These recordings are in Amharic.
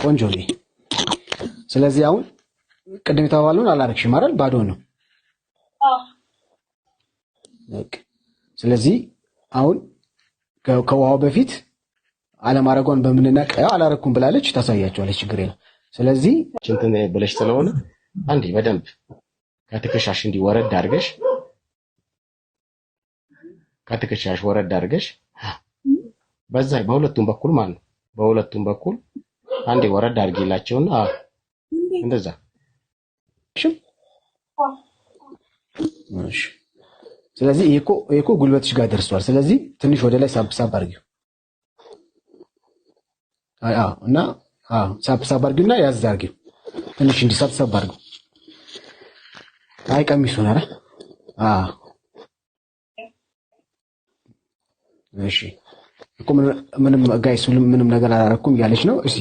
ቆንጆ ነው። ስለዚህ አሁን ቅድም የተባለውን አላረግሽም አይደል? ባዶ ነው። ስለዚህ አሁን ከውሃው በፊት አለማረጓን በምንናቅ ያው አላረኩም ብላለች፣ ታሳያቸዋለች። ችግር የለም። ስለዚህ እንትን ብለሽ ስለሆነ አንዴ በደንብ ከትከሻሽ እንዲህ ወረድ አድርገሽ ከትከሻሽ ወረድ አድርገሽ በዛ በሁለቱም በኩል ማለት ነው በሁለቱም በኩል አንዴ ወረድ አድርጌላቸውና እንደዛ እሺ፣ ስለዚህ ይሄ እኮ ጉልበትሽ ጋር ደርሷል። ስለዚህ ትንሽ ወደ ላይ ሳብ ሳብ አድርጊው እና ሳብ ሳብ አድርጊውና ያዝ አድርጊው ትንሽ እንዲህ ሳብ ሳብ አድርጊው። አይ አረ ኧረ እሺ እኮ ምንም ጋይስ ምንም ነገር አላረኩም እያለች ነው። እሺ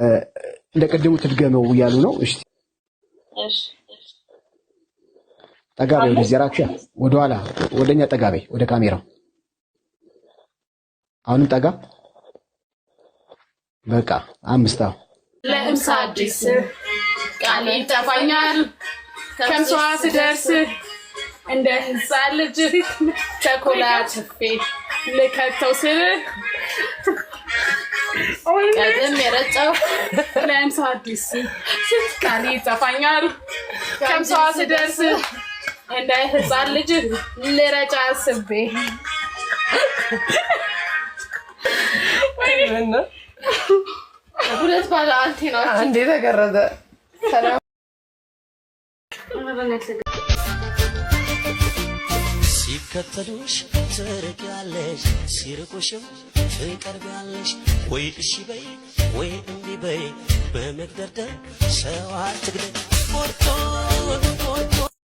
እንደ ቅድሙ ትድገመው እያሉ ነው። እሺ ጠጋቤ፣ ወደዚህ ራክሻ፣ ወደኋላ፣ ወደኛ ጠጋቤ፣ ወደ ካሜራው አሁንም ጠጋ። በቃ አምስት ለእምሳ አዲስ ቃል ይጠፋኛል ከምሷ ስደርስ እንደ ህንፃ ልጅ ተኮላ ትፌ ልከተው ስል ቀጥም የረጨው ላይም ሰው አዲስ ቃል ይጠፋኛል ከምሰዋ ስደርስ እንደ ህፃን ልጅ ልረጫ አስቤ ሁለት ባለ አንቴናዎች አንዴ ተገረዘ። ሲከተሉሽ ትርቂያለሽ ሲርቁሽም ትቀርቢያለሽ ወይ እሺ በይ ወይ እምቢ በይ በመግደርደር ሰው አትግደል ወርቶ